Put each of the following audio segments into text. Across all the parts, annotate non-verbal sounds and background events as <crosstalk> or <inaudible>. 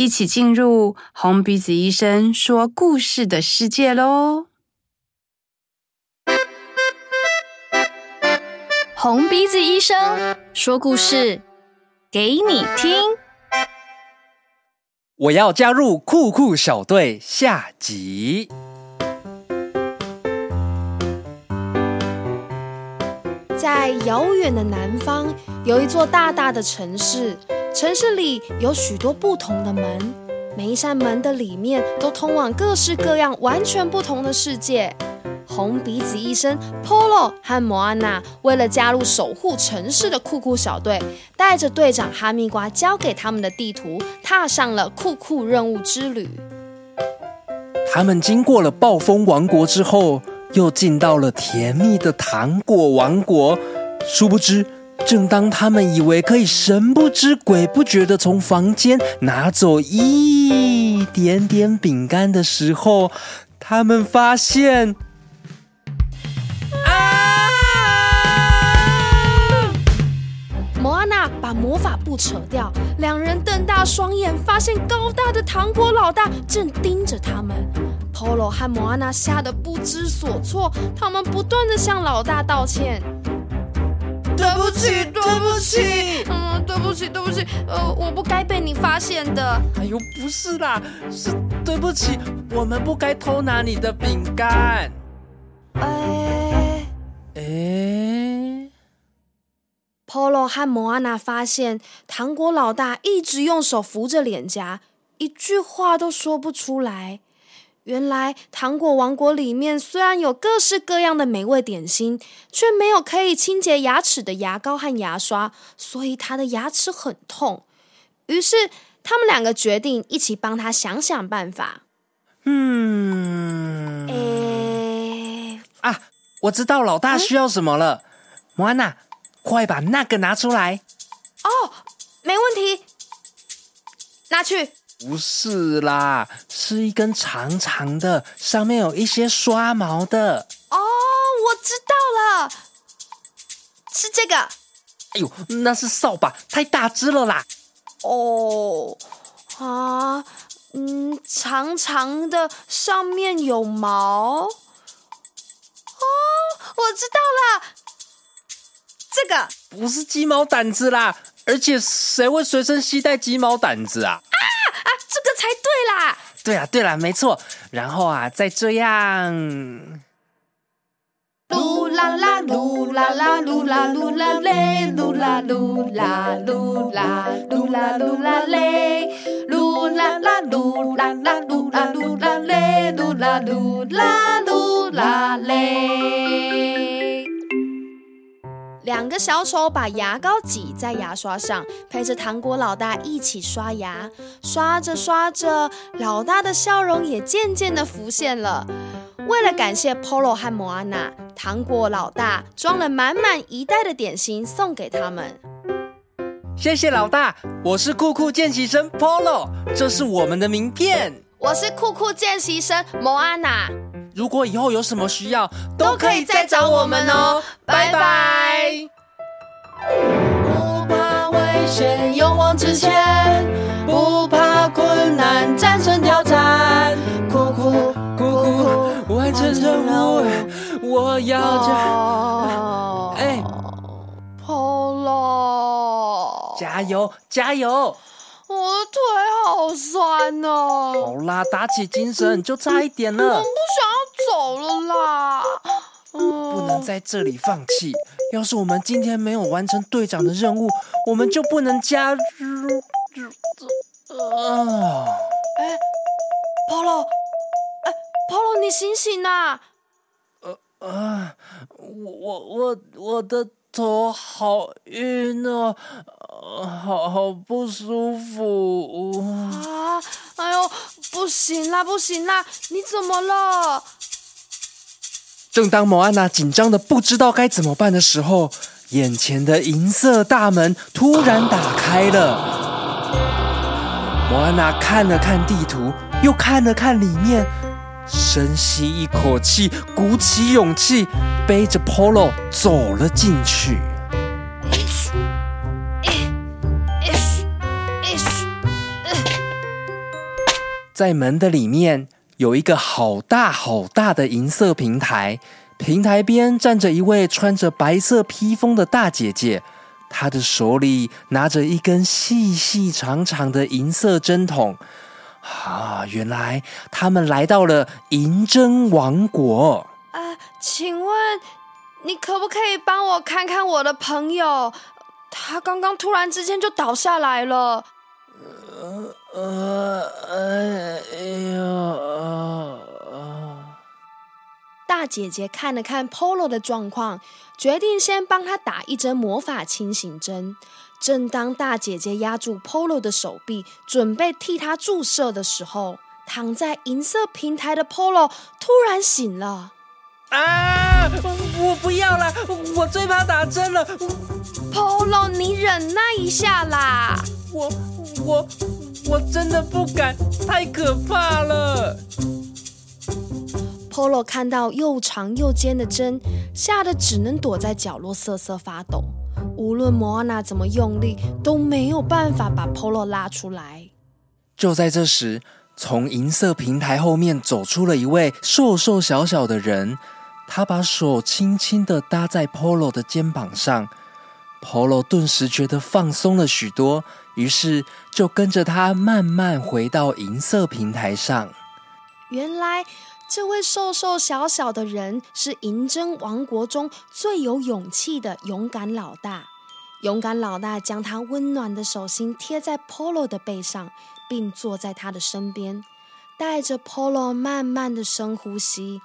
一起進入紅鼻子醫生說故事的世界嘍！紅鼻子醫生說故事給你聽。我要加入酷酷小隊，下集。在遙遠的南方，有一座大大的城市。城市裡有許多不同的門，每一扇門的裡面都通往各式各樣完全不同的世界。紅鼻子醫生、Polo 和 Moana 為了加入守護城市的酷酷小隊，帶着隊長哈密瓜交給他們的地圖，踏上了酷酷任務之旅。他們經過了暴風王國之後，又進到了甜蜜的糖果王國，殊不知。正當他們以為可以神不知鬼不覺地從房間拿走一點點餅乾的時候，他們發現啊啊，啊！摩阿娜把魔法布扯掉，兩人瞪大雙眼，發現高大的糖果老大正盯着他們。Polo、啊啊啊、和摩阿娜嚇得不知所措，他們不斷地向老大道歉。對不起，對不起，嗯，對不起，對不起，呃，我不該被你發現的。哎呦，不是啦，是對不起，我們不該偷拿你的餅乾。哎哎，哎，Polo 和 Moana 發現糖果老大一直用手扶着臉頰，一句話都說不出來。原來糖果王國裡面雖然有各式各樣的美味點心，卻沒有可以清潔牙齒的牙膏和牙刷，所以他的牙齒很痛。於是他們兩個決定一起幫他想想辦法。嗯，哎，啊，我知道老大需要什麼了。嗯？莫安娜，快把那個拿出來。哦，沒問題，拿去。不是啦，是一根長長的，上面有一些刷毛的。哦，我知道了，是這個。哎呦，那是掃把，太大只了啦。哦，啊，嗯，長長的，上面有毛。哦，我知道了，這個不是雞毛撣子啦，而且誰會隨身攜帶雞毛撣子啊？對啊，對啊，沒錯，然後啊，再這樣。嚕啦啦，嚕啦啦，嚕啦嚕啦嚕啦嚕啦，嚕啦嚕啦嚕啦啦，嚕啦啦，嚕啦嚕啦嚕啦嚕啦，嚕啦兩個小丑把牙膏擠在牙刷上，陪着糖果老大一起刷牙。刷着刷着，老大的笑容也漸漸地浮現了。為了感謝 Polo 和 Moana，糖果老大裝了滿滿一袋的點心送給他們。謝謝老大，我是酷酷見習生 Polo，這是我們的名片。我是酷酷見習生 Moana。如果以後有什麼需要，都可以再找我們哦，拜拜。哦、拜拜。不怕危險，勇往直前，不怕困難，戰勝挑戰。酷酷酷酷，完成任務。我我要加、啊，哎，跑了。加油加油！我的腿好酸哦、啊。好啦，打起精神，就差一點了。我不想。走了啦、呃！不能在這裡放棄。要是我們今天沒有完成隊長的任務，我們就不能加入。嗯、呃。哎、呃，Polo！哎，Polo，你醒醒吶、啊！呃啊、呃，我我我的頭好暈哦、啊呃，好好不舒服。啊！哎呦，不行啦，不行啦！你怎麼了？正當莫安娜緊張的不知道該怎麼辦的時候，眼前的銀色大門突然打開了。莫安娜看了看地圖，又看了看裡面，深吸一口氣，鼓起勇氣，背着 Polo 走了進去。在門的裡面。有一個好大好大的銀色平台，平台邊站着一位穿着白色披風的大姐姐，她的手裡拿着，一根細細長長的銀色針筒。啊，原來他們來到了銀針王國。呃，請問，你可不可以幫我看看我的朋友？他剛剛突然之間就倒下來了。大姐姐看了看 polo 的狀況，決定先幫他打一針魔法清醒針。正當大姐姐壓住 polo 的手臂，準備替他注射的時候，躺在銀色平台的 polo 突然醒了。啊！我不要啦！我最怕打針了。polo，你忍耐一下啦。我我我真的不敢，太可怕了。Polo 看到又長又尖的針，嚇得只能躲在角落瑟瑟發抖。無論 Moana 怎麼用力，都沒有辦法把 Polo 拉出來。就在這時，從銀色平台後面走出了一位瘦瘦小小的人，他把手輕輕的搭在 Polo 的肩膀上，Polo 頓時覺得放鬆了許多。於是就跟着他慢慢回到銀色平台上。原來這位瘦瘦小小的人是銀針王國中最有勇氣的勇敢老大。勇敢老大將他溫暖的手心貼在 Polo 的背上，並坐在他的身邊，帶着 Polo 慢慢的深呼吸，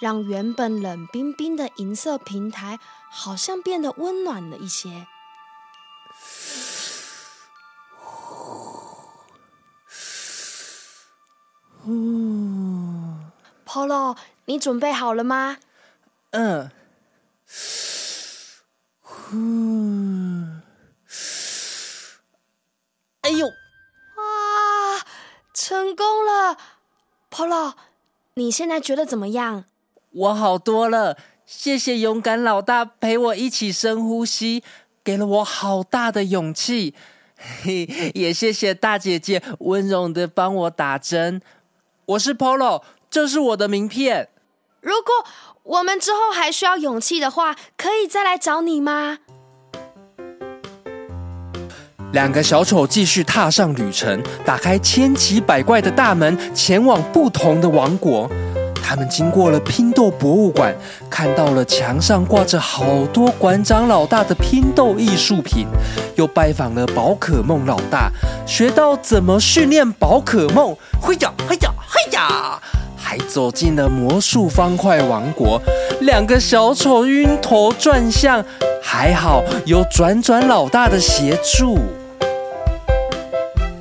讓原本冷冰冰的銀色平台好像變得溫暖了一些。Polo，你準備好了嗎？嗯。呼。哎呦！啊，成功了！Polo，你現在覺得怎麼樣？我好多了，謝謝勇敢老大陪我一起深呼吸，給了我好大的勇氣。嘿， <laughs> 也謝謝大姐姐溫柔的幫我打針。我是 Polo。這是我的名片。如果我們之後還需要勇氣的話，可以再來找你嗎？兩個小丑繼續踏上旅程，打開千奇百怪的大門，前往不同的王國。他們經過了拼豆博物館，看到了牆上掛着好多館長老大的拼豆藝術品，又拜訪了寶可夢老大，學到怎麼訓練寶可夢。嘿呀，嘿呀，嘿呀。還走進了魔術方塊王國，兩個小丑暈頭轉向，還好有轉轉老大的協助。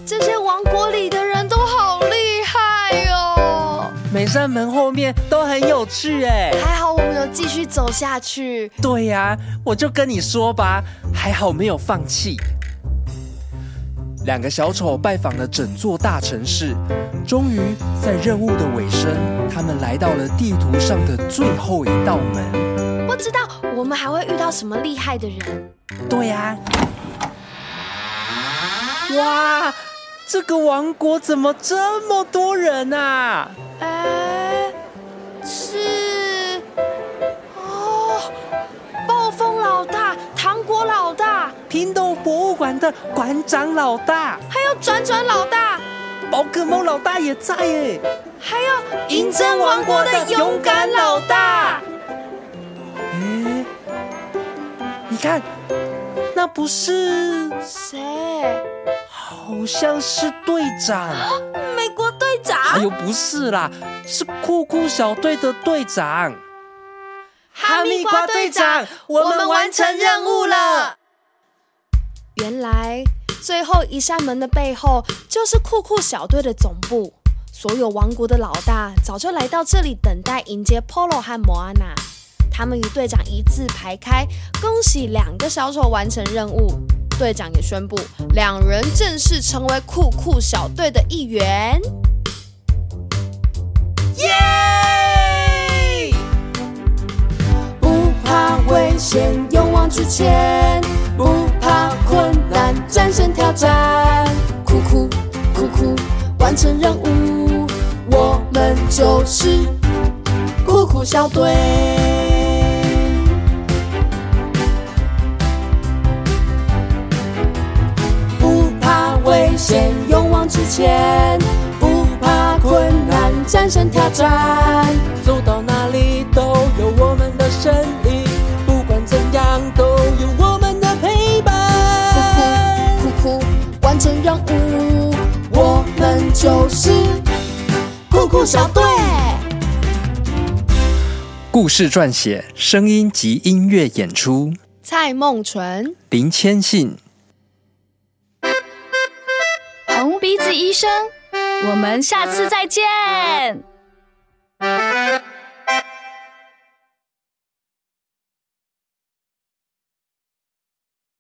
這些王國裡的人都好厲害哦！每、哦、扇門後面都很有趣誒，還好我們有繼續走下去。對呀、啊，我就跟你說吧，還好沒有放棄。兩個小醜拜訪了整座大城市，終於在任務的尾聲，他們來到了地圖上的最後一道門。不知道我們還會遇到什麼厲害的人？對呀、啊。哇，這個王國怎麼這麼多人啊？館的館長老大，還有轉轉老大，寶可夢老大也在耶，還有銀針王國的勇敢老大。誒、欸，你看，那不是誰？好像是隊長。哦，美國隊長。哎呦，不是啦，是酷酷小隊的隊長，哈密瓜隊長。我們完成任務了。原來最後一扇門的背後就是酷酷小隊的總部，所有王國的老大早就來到這裡等待迎接 Polo 和 Moana。他們與隊長一字排開，恭喜兩個小丑完成任務。隊長也宣布兩人正式成為酷酷小隊的一員。耶、Yeah！不怕危險，勇往直前。不戰勝挑戰，酷酷酷酷完成任務，我們就是酷酷小隊 <music> 。不怕危險，勇往直前，不怕困難，戰勝挑戰。 <music> 就是酷酷小隊。故事撰寫、聲音及音樂演出：蔡孟純、林謙信、紅鼻子醫生。我們下次再見。